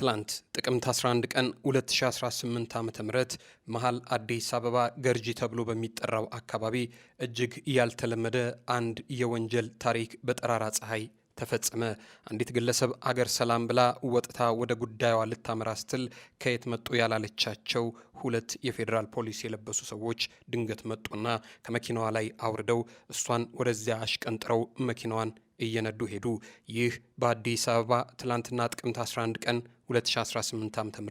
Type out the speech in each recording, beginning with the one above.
ትላንት ጥቅምት 11 ቀን 2018 ዓ ም መሀል አዲስ አበባ ገርጂ ተብሎ በሚጠራው አካባቢ እጅግ ያልተለመደ አንድ የወንጀል ታሪክ በጠራራ ፀሐይ ተፈጸመ። አንዲት ግለሰብ አገር ሰላም ብላ ወጥታ ወደ ጉዳዩዋ ልታመራ ስትል ከየት መጡ ያላለቻቸው ሁለት የፌዴራል ፖሊስ የለበሱ ሰዎች ድንገት መጡና ከመኪናዋ ላይ አውርደው እሷን ወደዚያ አሽቀንጥረው መኪናዋን እየነዱ ሄዱ። ይህ በአዲስ አበባ ትላንትና ጥቅምት 11 ቀን 2018 ዓ.ም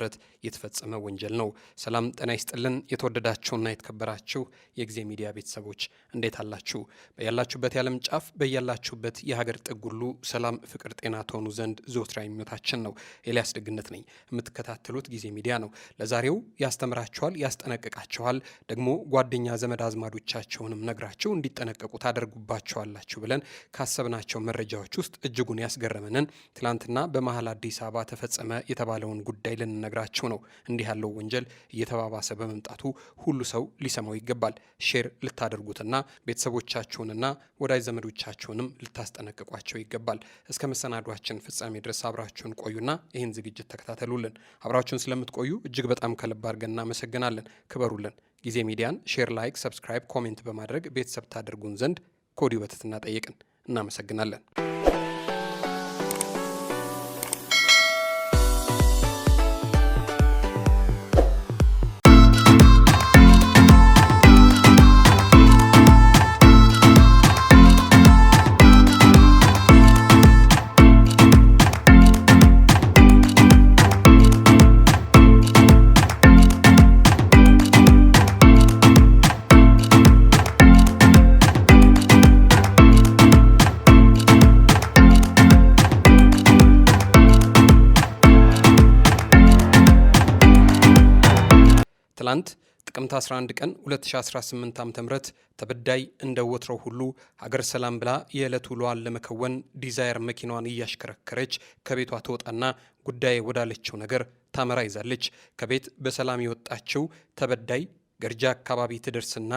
የተፈጸመ ወንጀል ነው። ሰላም ጤና ይስጥልን። የተወደዳችሁና የተከበራችሁ የጊዜ ሚዲያ ቤተሰቦች እንዴት አላችሁ? በያላችሁበት የዓለም ጫፍ በያላችሁበት የሀገር ጥግ ሁሉ ሰላም፣ ፍቅር፣ ጤና ተሆኑ ዘንድ ዘወትር ምኞታችን ነው። ኤልያስ ደግነት ነኝ። የምትከታተሉት ጊዜ ሚዲያ ነው። ለዛሬው ያስተምራችኋል፣ ያስጠነቅቃችኋል፣ ደግሞ ጓደኛ ዘመድ አዝማዶቻቸውንም ነግራችሁ እንዲጠነቀቁ ታደርጉባቸዋላችሁ ብለን ካሰብናቸው መረጃዎች ውስጥ እጅጉን ያስገረመንን ትላንትና በመሀል አዲስ አበባ ተፈጸመ የተባለውን ጉዳይ ልንነግራቸው ነው። እንዲህ ያለው ወንጀል እየተባባሰ በመምጣቱ ሁሉ ሰው ሊሰማው ይገባል። ሼር ልታደርጉትና ቤተሰቦቻችሁንና ወዳጅ ዘመዶቻችሁንም ልታስጠነቅቋቸው ይገባል። እስከ መሰናዷችን ፍጻሜ ድረስ አብራችሁን ቆዩና ይህን ዝግጅት ተከታተሉልን። አብራችሁን ስለምትቆዩ እጅግ በጣም ከልብ አድርገን እናመሰግናለን። ክበሩልን። ጊዜ ሚዲያን ሼር፣ ላይክ፣ ሰብስክራይብ፣ ኮሜንት በማድረግ ቤተሰብ ታደርጉን ዘንድ ኮዲ በትትና ጠየቅን። እናመሰግናለን። ትናንት ጥቅምት 11 ቀን 2018 ም ተበዳይ እንደ ወትረው ሁሉ ሀገር ሰላም ብላ የዕለት ውሏን ለመከወን ዲዛየር መኪናዋን እያሽከረከረች ከቤቷ ትወጣና ጉዳይ ወዳለችው ነገር ታመራ ይዛለች። ከቤት በሰላም የወጣችው ተበዳይ ገርጃ አካባቢ ትደርስና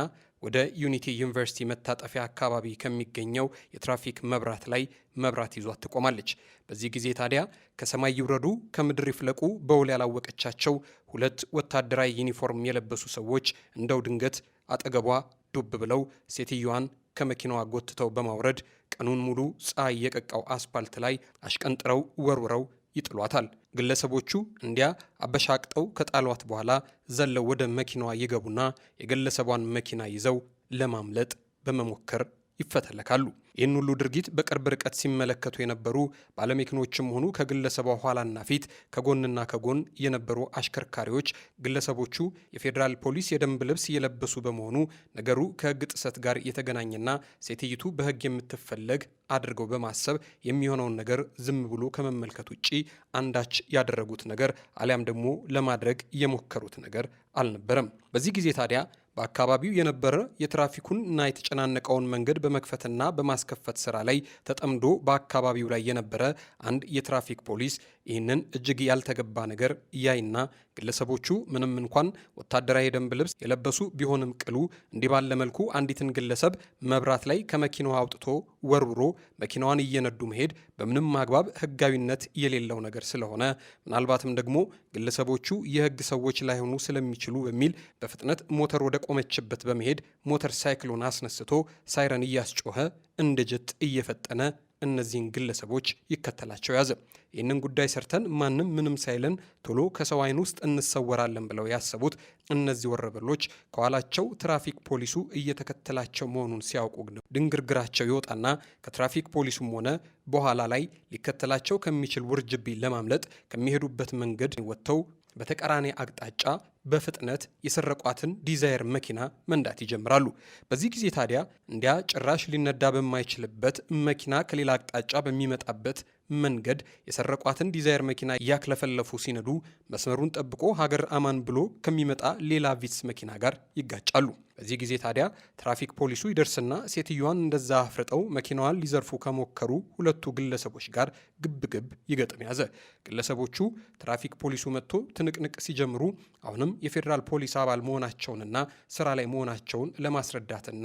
ወደ ዩኒቲ ዩኒቨርሲቲ መታጠፊያ አካባቢ ከሚገኘው የትራፊክ መብራት ላይ መብራት ይዟት ትቆማለች። በዚህ ጊዜ ታዲያ ከሰማይ ይውረዱ ከምድር ይፍለቁ በውል ያላወቀቻቸው ሁለት ወታደራዊ ዩኒፎርም የለበሱ ሰዎች እንደው ድንገት አጠገቧ ዱብ ብለው ሴትዮዋን ከመኪናዋ ጎትተው በማውረድ ቀኑን ሙሉ ፀሐይ የቀቃው አስፓልት ላይ አሽቀንጥረው ወርውረው ይጥሏታል። ግለሰቦቹ እንዲያ አበሻቅጠው ከጣሏት በኋላ ዘለው ወደ መኪናዋ ይገቡና የግለሰቧን መኪና ይዘው ለማምለጥ በመሞከር ይፈተለካሉ። ይህን ሁሉ ድርጊት በቅርብ ርቀት ሲመለከቱ የነበሩ ባለመኪኖችም ሆኑ ከግለሰቧ ኋላና ፊት ከጎንና ከጎን የነበሩ አሽከርካሪዎች ግለሰቦቹ የፌዴራል ፖሊስ የደንብ ልብስ የለበሱ በመሆኑ ነገሩ ከህግ ጥሰት ጋር የተገናኘና ሴትይቱ በህግ የምትፈለግ አድርገው በማሰብ የሚሆነውን ነገር ዝም ብሎ ከመመልከት ውጪ አንዳች ያደረጉት ነገር አሊያም ደግሞ ለማድረግ የሞከሩት ነገር አልነበረም። በዚህ ጊዜ ታዲያ በአካባቢው የነበረ የትራፊኩን እና የተጨናነቀውን መንገድ በመክፈትና በማስከፈት ስራ ላይ ተጠምዶ በአካባቢው ላይ የነበረ አንድ የትራፊክ ፖሊስ ይህንን እጅግ ያልተገባ ነገር እያይና ግለሰቦቹ ምንም እንኳን ወታደራዊ የደንብ ልብስ የለበሱ ቢሆንም ቅሉ እንዲህ ባለ መልኩ አንዲትን ግለሰብ መብራት ላይ ከመኪናዋ አውጥቶ ወርውሮ መኪናዋን እየነዱ መሄድ በምንም አግባብ ሕጋዊነት የሌለው ነገር ስለሆነ ምናልባትም ደግሞ ግለሰቦቹ የሕግ ሰዎች ላይሆኑ ስለሚችሉ በሚል በፍጥነት ሞተር ወደ ቆመችበት በመሄድ ሞተር ሳይክሉን አስነስቶ ሳይረን እያስጮኸ እንደ ጀት እየፈጠነ እነዚህን ግለሰቦች ይከተላቸው ያዘ። ይህንን ጉዳይ ሰርተን ማንም ምንም ሳይለን ቶሎ ከሰው አይን ውስጥ እንሰወራለን ብለው ያሰቡት እነዚህ ወረበሎች ከኋላቸው ትራፊክ ፖሊሱ እየተከተላቸው መሆኑን ሲያውቁ ድንግርግራቸው ይወጣና ከትራፊክ ፖሊሱም ሆነ በኋላ ላይ ሊከተላቸው ከሚችል ውርጅብኝ ለማምለጥ ከሚሄዱበት መንገድ ወጥተው በተቃራኒ አቅጣጫ በፍጥነት የሰረቋትን ዲዛየር መኪና መንዳት ይጀምራሉ። በዚህ ጊዜ ታዲያ እንዲያ ጭራሽ ሊነዳ በማይችልበት መኪና ከሌላ አቅጣጫ በሚመጣበት መንገድ የሰረቋትን ዲዛይር መኪና እያክለፈለፉ ሲነዱ መስመሩን ጠብቆ ሀገር አማን ብሎ ከሚመጣ ሌላ ቪትስ መኪና ጋር ይጋጫሉ። በዚህ ጊዜ ታዲያ ትራፊክ ፖሊሱ ይደርስና ሴትዮዋን እንደዛ አፍርጠው መኪናዋን ሊዘርፉ ከሞከሩ ሁለቱ ግለሰቦች ጋር ግብግብ ይገጥም ያዘ። ግለሰቦቹ ትራፊክ ፖሊሱ መጥቶ ትንቅንቅ ሲጀምሩ አሁንም የፌዴራል ፖሊስ አባል መሆናቸውንና ስራ ላይ መሆናቸውን ለማስረዳትና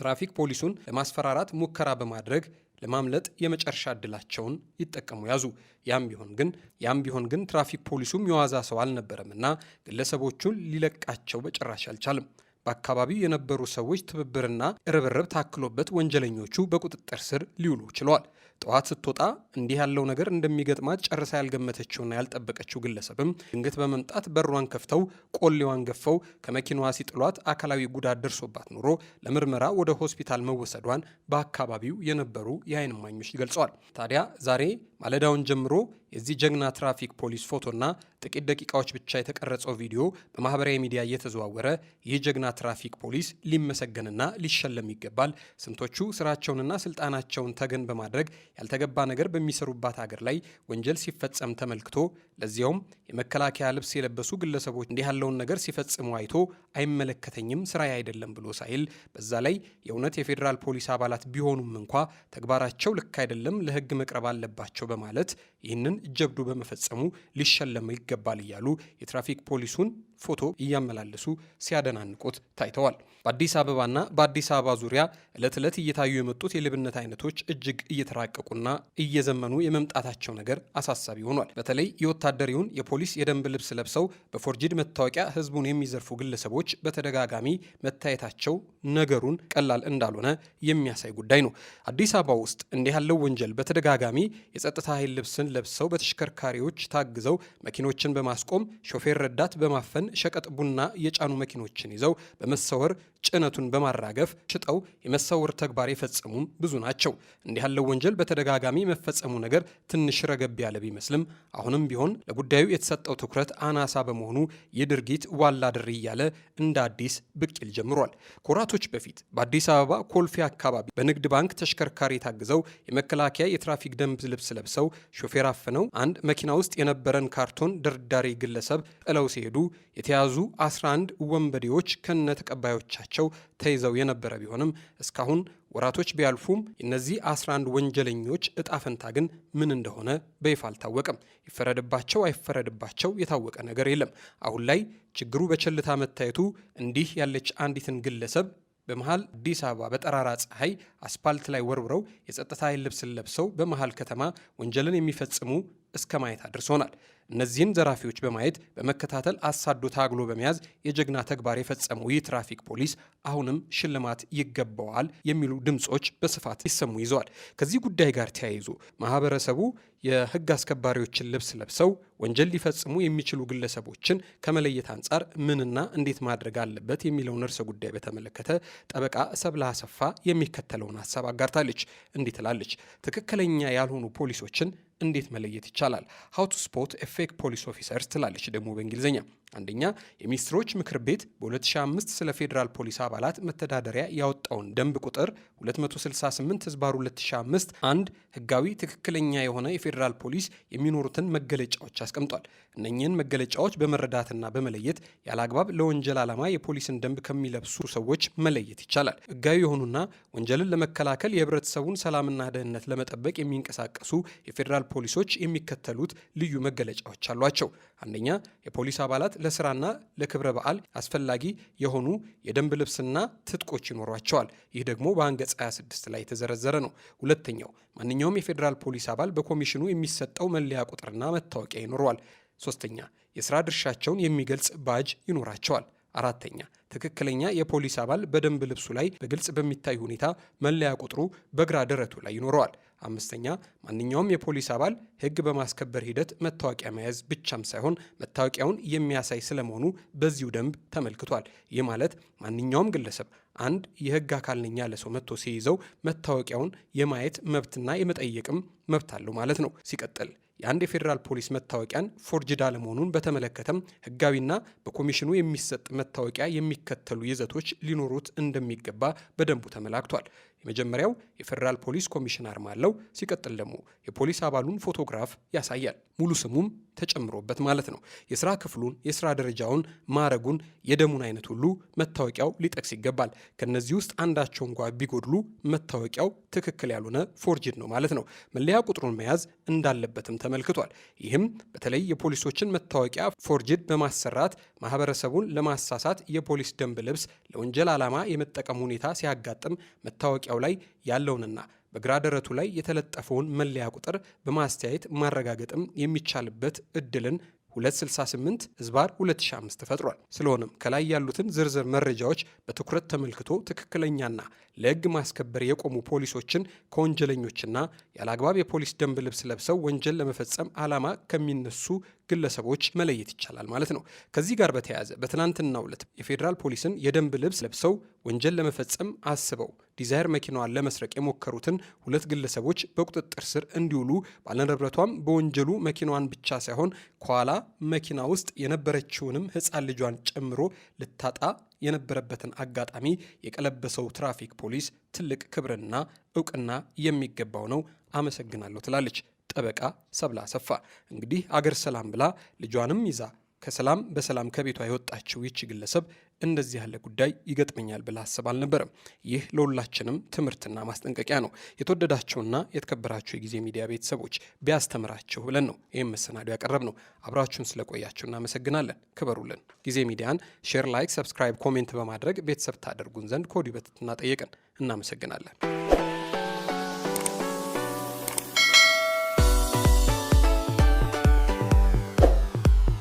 ትራፊክ ፖሊሱን ለማስፈራራት ሙከራ በማድረግ ለማምለጥ የመጨረሻ እድላቸውን ይጠቀሙ ያዙ። ያም ቢሆን ግን ያም ቢሆን ግን ትራፊክ ፖሊሱም የዋዛ ሰው አልነበረምና ግለሰቦቹን ሊለቃቸው በጭራሽ አልቻለም። በአካባቢው የነበሩ ሰዎች ትብብርና ርብርብ ታክሎበት ወንጀለኞቹ በቁጥጥር ስር ሊውሉ ችለዋል። ጠዋት ስትወጣ እንዲህ ያለው ነገር እንደሚገጥማት ጨርሳ ያልገመተችውና ያልጠበቀችው ግለሰብም ድንገት በመምጣት በሯን ከፍተው ቆሌዋን ገፈው ከመኪናዋ ሲጥሏት አካላዊ ጉዳት ደርሶባት ኑሮ ለምርመራ ወደ ሆስፒታል መወሰዷን በአካባቢው የነበሩ የአይን እማኞች ገልጸዋል። ታዲያ ዛሬ ማለዳውን ጀምሮ የዚህ ጀግና ትራፊክ ፖሊስ ፎቶና ጥቂት ደቂቃዎች ብቻ የተቀረጸው ቪዲዮ በማህበራዊ ሚዲያ እየተዘዋወረ ይህ ጀግና ትራፊክ ፖሊስ ሊመሰገንና ሊሸለም ይገባል፣ ስንቶቹ ስራቸውንና ስልጣናቸውን ተገን በማድረግ ያልተገባ ነገር በሚሰሩባት አገር ላይ ወንጀል ሲፈጸም ተመልክቶ ለዚያውም የመከላከያ ልብስ የለበሱ ግለሰቦች እንዲህ ያለውን ነገር ሲፈጽሙ አይቶ አይመለከተኝም፣ ስራ አይደለም ብሎ ሳይል በዛ ላይ የእውነት የፌዴራል ፖሊስ አባላት ቢሆኑም እንኳ ተግባራቸው ልክ አይደለም፣ ለህግ መቅረብ አለባቸው በማለት ይህንን ጀብዱ በመፈጸሙ ሊሸለም ይገባል እያሉ የትራፊክ ፖሊሱን ፎቶ እያመላለሱ ሲያደናንቁት ታይተዋል። በአዲስ አበባና በአዲስ አበባ ዙሪያ ዕለት ዕለት እየታዩ የመጡት የሌብነት አይነቶች እጅግ እየተራቀቁና እየዘመኑ የመምጣታቸው ነገር አሳሳቢ ሆኗል። በተለይ የወታደሪውን የፖሊስ የደንብ ልብስ ለብሰው በፎርጅድ መታወቂያ ህዝቡን የሚዘርፉ ግለሰቦች በተደጋጋሚ መታየታቸው ነገሩን ቀላል እንዳልሆነ የሚያሳይ ጉዳይ ነው። አዲስ አበባ ውስጥ እንዲህ ያለው ወንጀል በተደጋጋሚ የጸጥታ ኃይል ልብስን ለብሰው በተሽከርካሪዎች ታግዘው መኪኖችን በማስቆም ሾፌር ረዳት በማፈን ሸቀጥ ቡና የጫኑ መኪኖችን ይዘው በመሰወር ጭነቱን በማራገፍ ሽጠው የመሰወር ተግባር የፈጸሙም ብዙ ናቸው። እንዲህ ያለው ወንጀል በተደጋጋሚ መፈጸሙ ነገር ትንሽ ረገብ ያለ ቢመስልም አሁንም ቢሆን ለጉዳዩ የተሰጠው ትኩረት አናሳ በመሆኑ ይህ ድርጊት ዋላ ድሪ እያለ እንደ አዲስ ብቅ ይል ጀምሯል። ከወራቶች በፊት በአዲስ አበባ ኮልፌ አካባቢ በንግድ ባንክ ተሽከርካሪ ታግዘው የመከላከያ የትራፊክ ደንብ ልብስ ለብሰው ሾፌር አፍነው አንድ መኪና ውስጥ የነበረን ካርቶን ደርዳሪ ግለሰብ ጥለው ሲሄዱ የተያዙ 11 ወንበዴዎች ከነ ተቀባዮቻቸው ተይዘው የነበረ ቢሆንም እስካሁን ወራቶች ቢያልፉም የእነዚህ 11 ወንጀለኞች እጣ ፈንታ ግን ምን እንደሆነ በይፋ አልታወቀም። ይፈረድባቸው አይፈረድባቸው የታወቀ ነገር የለም። አሁን ላይ ችግሩ በቸልታ መታየቱ እንዲህ ያለች አንዲትን ግለሰብ በመሃል አዲስ አበባ በጠራራ ፀሐይ አስፓልት ላይ ወርውረው የጸጥታ ኃይል ልብስን ለብሰው በመሃል ከተማ ወንጀልን የሚፈጽሙ እስከ ማየት አድርሶናል። እነዚህን ዘራፊዎች በማየት በመከታተል አሳዶ ታግሎ በመያዝ የጀግና ተግባር የፈጸመው የትራፊክ ፖሊስ አሁንም ሽልማት ይገባዋል የሚሉ ድምፆች በስፋት ይሰሙ ይዘዋል። ከዚህ ጉዳይ ጋር ተያይዞ ማህበረሰቡ የህግ አስከባሪዎችን ልብስ ለብሰው ወንጀል ሊፈጽሙ የሚችሉ ግለሰቦችን ከመለየት አንጻር ምንና እንዴት ማድረግ አለበት የሚለውን እርሰ ጉዳይ በተመለከተ ጠበቃ ሰብለ አሰፋ የሚከተለውን ሀሳብ አጋርታለች። እንዲህ ትላለች። ትክክለኛ ያልሆኑ ፖሊሶችን እንዴት መለየት ይቻላል? ሀው ቱ ስፖት ኤ ፌክ ፖሊስ ኦፊሰርስ ትላለች ደግሞ በእንግሊዝኛ። አንደኛ የሚኒስትሮች ምክር ቤት በ2005 ስለ ፌዴራል ፖሊስ አባላት መተዳደሪያ ያወጣውን ደንብ ቁጥር 268 ህዝባር 2005 አንድ ህጋዊ ትክክለኛ የሆነ የፌዴራል ፖሊስ የሚኖሩትን መገለጫዎች አስቀምጧል። እነኚህን መገለጫዎች በመረዳትና በመለየት ያለ አግባብ ለወንጀል ዓላማ የፖሊስን ደንብ ከሚለብሱ ሰዎች መለየት ይቻላል። ህጋዊ የሆኑና ወንጀልን ለመከላከል የህብረተሰቡን ሰላምና ደህንነት ለመጠበቅ የሚንቀሳቀሱ የፌዴራል ፖሊሶች የሚከተሉት ልዩ መገለጫዎች አሏቸው። አንደኛ፣ የፖሊስ አባላት ለስራና ለክብረ በዓል አስፈላጊ የሆኑ የደንብ ልብስና ትጥቆች ይኖሯቸዋል። ይህ ደግሞ በአንቀጽ 26 ላይ የተዘረዘረ ነው። ሁለተኛው፣ ማንኛውም የፌዴራል ፖሊስ አባል በኮሚሽኑ የሚሰጠው መለያ ቁጥርና መታወቂያ ይኖረዋል። ሶስተኛ፣ የስራ ድርሻቸውን የሚገልጽ ባጅ ይኖራቸዋል። አራተኛ ትክክለኛ የፖሊስ አባል በደንብ ልብሱ ላይ በግልጽ በሚታይ ሁኔታ መለያ ቁጥሩ በግራ ደረቱ ላይ ይኖረዋል። አምስተኛ ማንኛውም የፖሊስ አባል ሕግ በማስከበር ሂደት መታወቂያ መያዝ ብቻም ሳይሆን መታወቂያውን የሚያሳይ ስለመሆኑ በዚሁ ደንብ ተመልክቷል። ይህ ማለት ማንኛውም ግለሰብ አንድ የሕግ አካል ነኝ ያለ ሰው መጥቶ ሲይዘው መታወቂያውን የማየት መብትና የመጠየቅም መብት አለው ማለት ነው። ሲቀጥል የአንድ የፌዴራል ፖሊስ መታወቂያን ፎርጅድ አለመሆኑን በተመለከተም ህጋዊና በኮሚሽኑ የሚሰጥ መታወቂያ የሚከተሉ ይዘቶች ሊኖሩት እንደሚገባ በደንቡ ተመላክቷል። የመጀመሪያው የፌዴራል ፖሊስ ኮሚሽን አርማ አለው። ሲቀጥል ደግሞ የፖሊስ አባሉን ፎቶግራፍ ያሳያል። ሙሉ ስሙም ተጨምሮበት ማለት ነው። የስራ ክፍሉን፣ የስራ ደረጃውን፣ ማዕረጉን፣ የደሙን አይነት ሁሉ መታወቂያው ሊጠቅስ ይገባል። ከነዚህ ውስጥ አንዳቸው እንኳ ቢጎድሉ መታወቂያው ትክክል ያልሆነ ፎርጅድ ነው ማለት ነው። መለያ ቁጥሩን መያዝ እንዳለበትም ተመልክቷል። ይህም በተለይ የፖሊሶችን መታወቂያ ፎርጅድ በማሰራት ማህበረሰቡን ለማሳሳት የፖሊስ ደንብ ልብስ ለወንጀል ዓላማ የመጠቀም ሁኔታ ሲያጋጥም መታወቂያው ላይ ያለውንና በግራ ደረቱ ላይ የተለጠፈውን መለያ ቁጥር በማስተያየት ማረጋገጥም የሚቻልበት እድልን 268 ህዝባር 2005 ተፈጥሯል። ስለሆነም ከላይ ያሉትን ዝርዝር መረጃዎች በትኩረት ተመልክቶ ትክክለኛና ለህግ ማስከበር የቆሙ ፖሊሶችን ከወንጀለኞችና ያለአግባብ የፖሊስ ደንብ ልብስ ለብሰው ወንጀል ለመፈጸም ዓላማ ከሚነሱ ግለሰቦች መለየት ይቻላል ማለት ነው። ከዚህ ጋር በተያያዘ በትናንትናው ዕለት የፌዴራል ፖሊስን የደንብ ልብስ ለብሰው ወንጀል ለመፈጸም አስበው ዲዛይር መኪናዋን ለመስረቅ የሞከሩትን ሁለት ግለሰቦች በቁጥጥር ስር እንዲውሉ ባለንብረቷም በወንጀሉ መኪናዋን ብቻ ሳይሆን ከኋላ መኪና ውስጥ የነበረችውንም ሕፃን ልጇን ጨምሮ ልታጣ የነበረበትን አጋጣሚ የቀለበሰው ትራፊክ ፖሊስ ትልቅ ክብርና እውቅና የሚገባው ነው። አመሰግናለሁ ትላለች ጠበቃ ሰብለ አሰፋ። እንግዲህ አገር ሰላም ብላ ልጇንም ይዛ ከሰላም በሰላም ከቤቷ የወጣችው ይቺ ግለሰብ እንደዚህ ያለ ጉዳይ ይገጥመኛል ብላ አስብ አልነበረም። ይህ ለሁላችንም ትምህርትና ማስጠንቀቂያ ነው። የተወደዳቸውና የተከበራቸው የጊዜ ሚዲያ ቤተሰቦች ቢያስተምራችሁ ብለን ነው ይህም መሰናዶ ያቀረብ ነው። አብራችሁን ስለቆያችሁ እናመሰግናለን። ክበሩልን። ጊዜ ሚዲያን ሼር፣ ላይክ፣ ሰብስክራይብ፣ ኮሜንት በማድረግ ቤተሰብ ታደርጉን ዘንድ ከወዲሁ በትህትና ጠየቅን። እናመሰግናለን።